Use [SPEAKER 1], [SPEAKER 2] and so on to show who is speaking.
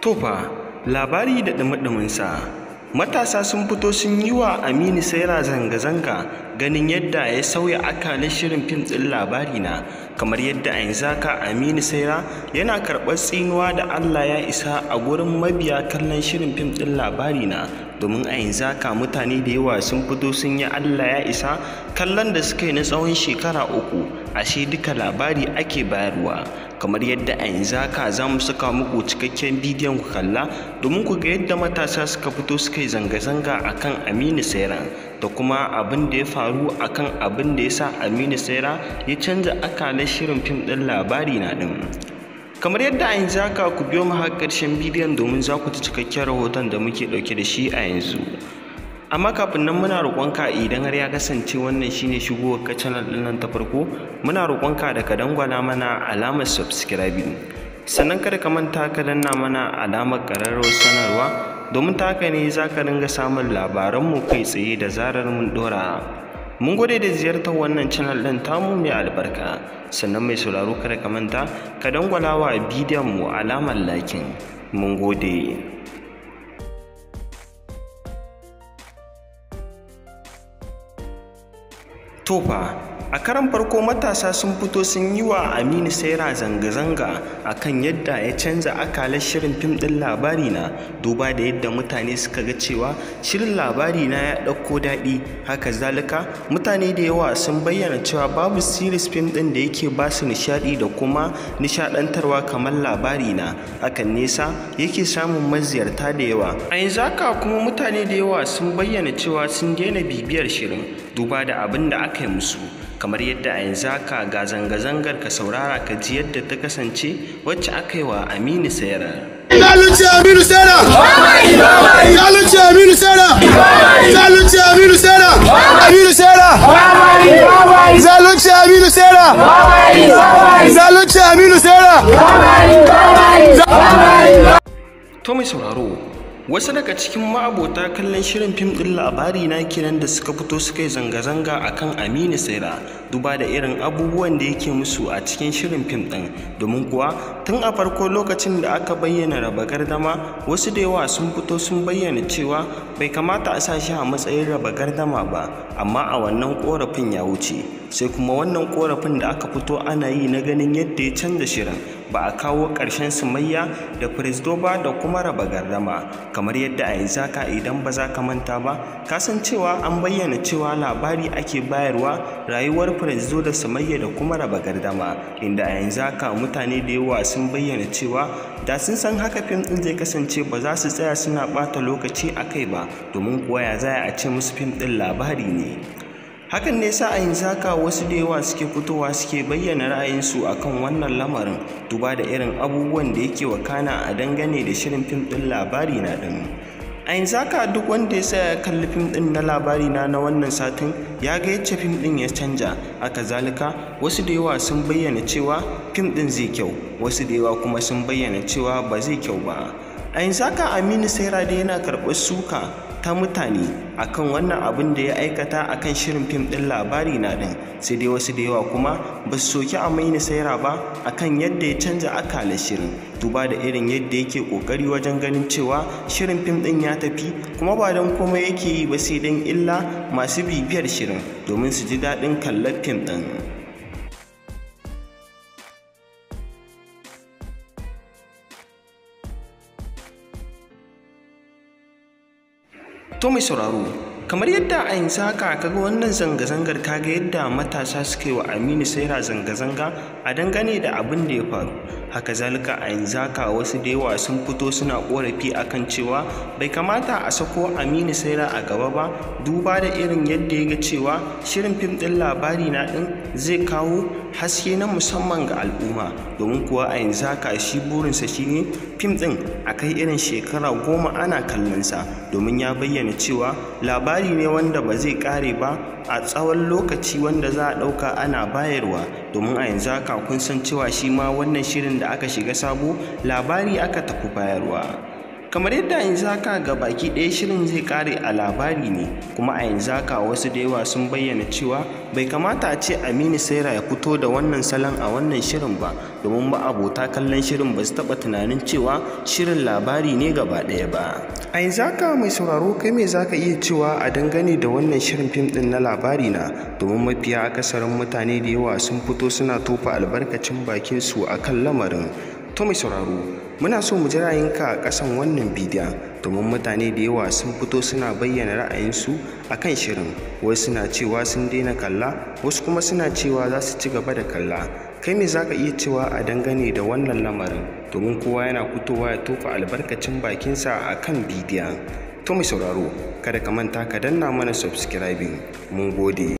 [SPEAKER 1] tufa labari da ɗumi matasa sun fito sun yi wa Aminu Saira zanga-zanga ganin yadda ya sauya akalin shirin fim ɗin labari na, kamar yadda a yanzu haka Aminu Saira yana karɓar tsinuwa da Allah ya isa a gurin mabiya kallon shirin fim ɗin labari na, domin a yanzu haka mutane da yawa sun fito sun yi Allah ya isa kallon da suka yi na tsawon shekara uku ashe duka labari ake bayarwa kamar yadda a yanzu haka za mu saka muku cikakken bidiyon ku kalla domin ku ga yadda matasa suka fito suka yi zanga-zanga akan Aminu Sairan da kuma abin da ya faru akan abin da ya sa Aminu Saira ya canza akalar shirin fim ɗin labari na ɗin. kamar yadda a yanzu haka ku biyo mu har ƙarshen bidiyon domin za ku ci cikakken rahoton da muke ɗauke da shi a yanzu amma kafin nan muna roƙonka idan har ya kasance wannan shine shigowar ka channel ɗin nan ta farko muna roƙonka da ka dangwala mana alamar subscribing sannan kada ka manta ka danna mana alamar ƙararrawar sanarwa domin ta haka ne za ka dinga samun labaranmu kai tsaye da zarar mun ɗora mun gode da ziyartar wannan channel ɗin tamu mai albarka sannan mai sauraro kada ka manta ka dangwala wa bidiyon mu alamar lakin mun gode 做法。a karan farko matasa sun fito sun yi wa aminu saira zanga-zanga a kan yadda ya canza akalar shirin fim ɗin labari na duba da yadda mutane suka ga cewa shirin labari na ya ɗauko daɗi haka zalika mutane da yawa sun bayyana cewa babu siris fim ɗin da yake ba su nishaɗi da kuma nishaɗantarwa kamar labari na hakan nesa yake samun maziyarta da yawa a yanzu haka kuma mutane da yawa sun bayyana cewa sun daina bibiyar shirin duba da abin da aka yi musu kamar yadda a yanzu haka ga zanga-zangar ka saurara ka ji yadda ta kasance wacce aka yi wa aminu sayara zalunci aminu sayara zalunci aminu sayara zalunci aminu sayara aminu sayara zalunci aminu sayara zalunci aminu sayara to mai sauraro wasu daga cikin ma'abota kallon shirin fim ɗin labari na kiran da suka fito suka yi zanga-zanga a kan aminu saira duba da irin abubuwan da yake musu a cikin shirin fim ɗin domin kuwa tun a farko lokacin da aka bayyana raba gardama wasu da yawa sun fito sun bayyana cewa bai kamata a sa shi a matsayin raba gardama ba amma a wannan korafin ya wuce sai kuma wannan korafin da aka fito ana yi na ganin yadda ya canza shirin ba a kawo ƙarshen sumayya da firisdoba da kuma raba gardama kamar yadda a yi zaka idan ba za ka manta ba kasancewa an bayyana cewa labari ake bayarwa rayuwar firisdo da sumayya da kuma raba gardama inda a yanzu haka mutane da yawa sun bayyana cewa da sun san haka fim ɗin zai kasance ba za su tsaya suna ɓata lokaci a kai ba domin kuwa ya zaya a ce musu fim ɗin labari ne hakan ne sa a zaka wasu da yawa suke fitowa suke bayyana ra'ayinsu kan wannan lamarin duba da irin abubuwan da yake wakana a dangane da shirin fim ɗin labari na ɗin a yanzu duk wanda ya saya kalli fim ɗin na labari na na wannan satin ya ga yacce fim ɗin ya canja a kazalika wasu da yawa sun bayyana cewa fim ɗin zai kyau wasu da yawa kuma sun bayyana cewa ba zai kyau ba a yanzu haka aminu sai da yana karɓar suka ta mutane akan wannan abin da ya aikata akan shirin fim ɗin labari na ɗin sai dai wasu da yawa kuma ba su soki ni saira ba akan yadda ya canza akala shirin duba da irin yadda yake kokari wajen ganin cewa shirin fim ɗin ya tafi kuma ba don komai yake yi ba sai don illa masu bibiyar shirin domin su ji daɗin kallon fim ɗin To mai sauraro, kamar yadda a yanzu haka kaga wannan zanga-zangar ga yadda matasa suke wa Aminu Saira zanga-zanga a dangane da abin da ya faru. haka zalika a yanzu haka wasu da yawa sun fito suna korafi akan cewa bai kamata a sako aminu saira a gaba ba duba da irin yadda ya ga cewa shirin fim ɗin labari na ɗin zai kawo haske na musamman ga al'umma domin kuwa a yanzu haka shi burinsa shine fim ɗin a kai irin shekara goma ana kallonsa domin ya bayyana cewa labari ne wanda ba zai kare ba a tsawon lokaci wanda za a ɗauka ana bayarwa domin a yanzu haka kun san cewa shi ma wannan shirin da aka shiga sabo labari aka tafi bayarwa kamar yadda yanzu haka ga baki ɗaya shirin zai kare a labari ne kuma a yanzu haka wasu da yawa sun bayyana cewa bai kamata a ce aminu saira ya fito da wannan salon a wannan shirin ba domin ba abota kallon shirin ba su taɓa tunanin cewa shirin labari ne gaba ɗaya ba a yanzu haka mai sauraro kai me zaka iya cewa a dangane da wannan shirin fim ɗin na labari na domin mafiya akasarin mutane da yawa sun fito suna tofa albarkacin bakin su akan lamarin To mai sauraro, muna so mu ji ra'ayinka a ƙasan wannan bidiyon domin mutane da yawa sun fito suna bayyana ra'ayinsu a kan shirin, wasu suna cewa sun daina kalla, wasu kuma suna cewa za su ci gaba da kalla. Kai me za ka iya cewa a dangane da wannan lamarin domin kowa yana fitowa ya tofa albarkacin bakinsa a kan bidiyon. To mai sauraro, kada ka manta ka danna mana subscribing. Mun gode.